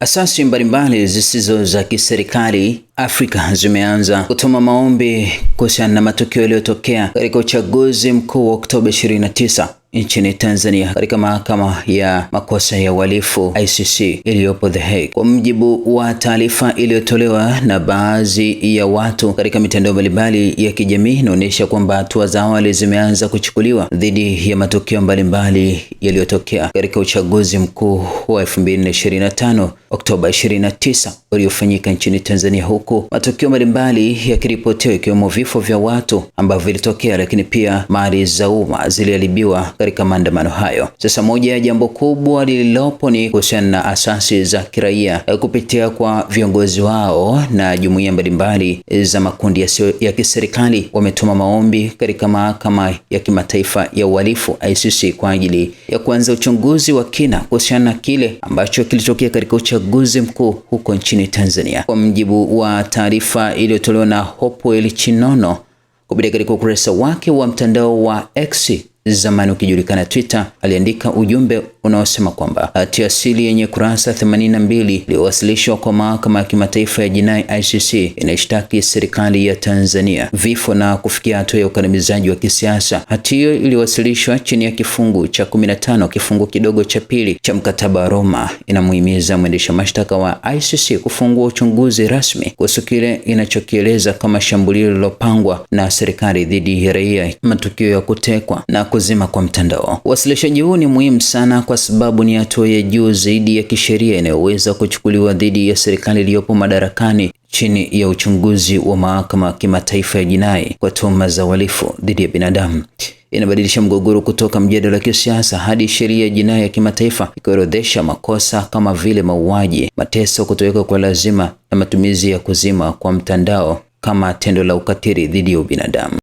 Asasi mbalimbali zisizo za kiserikali Afrika zimeanza kutuma maombi kuhusiana na matukio yaliyotokea katika uchaguzi mkuu wa Oktoba 29 nchini Tanzania katika mahakama ya makosa ya uhalifu ICC iliyopo The Hague. Kwa mjibu wa taarifa iliyotolewa na baadhi ya watu katika mitandao mbalimbali ya kijamii, inaonyesha kwamba hatua za awali zimeanza kuchukuliwa dhidi ya matukio mbalimbali yaliyotokea katika uchaguzi mkuu wa 2025 Oktoba 29 uliofanyika nchini Tanzania huko huku matukio mbalimbali yakiripotiwa ikiwemo vifo vya watu ambavyo vilitokea, lakini pia mali za umma ziliharibiwa katika maandamano hayo. Sasa moja ya jambo kubwa lililopo ni kuhusiana na asasi za kiraia eh, kupitia kwa viongozi wao na jumuiya mbalimbali eh, za makundi yasiyo ya kiserikali wametuma maombi katika mahakama ya kimataifa ya uhalifu ICC kwa ajili ya kuanza uchunguzi wa kina kuhusiana na kile ambacho kilitokea katika uchaguzi mkuu huko nchini Tanzania. Kwa mjibu wa taarifa iliyotolewa na Hopewell Chinono kupitia katika ukurasa wake wa mtandao wa X zamani ukijulikana Twitter, aliandika ujumbe unaosema kwamba hati asili yenye kurasa 82 iliyowasilishwa kwa mahakama ya kimataifa ya jinai ICC inashtaki serikali ya Tanzania vifo na kufikia hatua ya ukandamizaji wa kisiasa. Hati hiyo iliwasilishwa chini ya kifungu cha 15 kifungu kidogo cha pili cha mkataba wa Roma, inamuhimiza mwendesha mashtaka wa ICC kufungua uchunguzi rasmi kuhusu kile inachokieleza kama shambulio lililopangwa na serikali dhidi ya raia, matukio ya kutekwa na kuzima kwa mtandao. Uwasilishaji huu ni muhimu sana kwa sababu ni hatua ya juu zaidi ya kisheria inayoweza kuchukuliwa dhidi ya serikali iliyopo madarakani chini ya uchunguzi wa mahakama ya kimataifa ya jinai kwa tuhuma za uhalifu dhidi ya binadamu. Inabadilisha mgogoro kutoka mjadala wa kisiasa hadi sheria ya jinai ya kimataifa, ikiorodhesha makosa kama vile mauaji, mateso, kutoweka kwa lazima na matumizi ya kuzima kwa mtandao kama tendo la ukatili dhidi ya ubinadamu.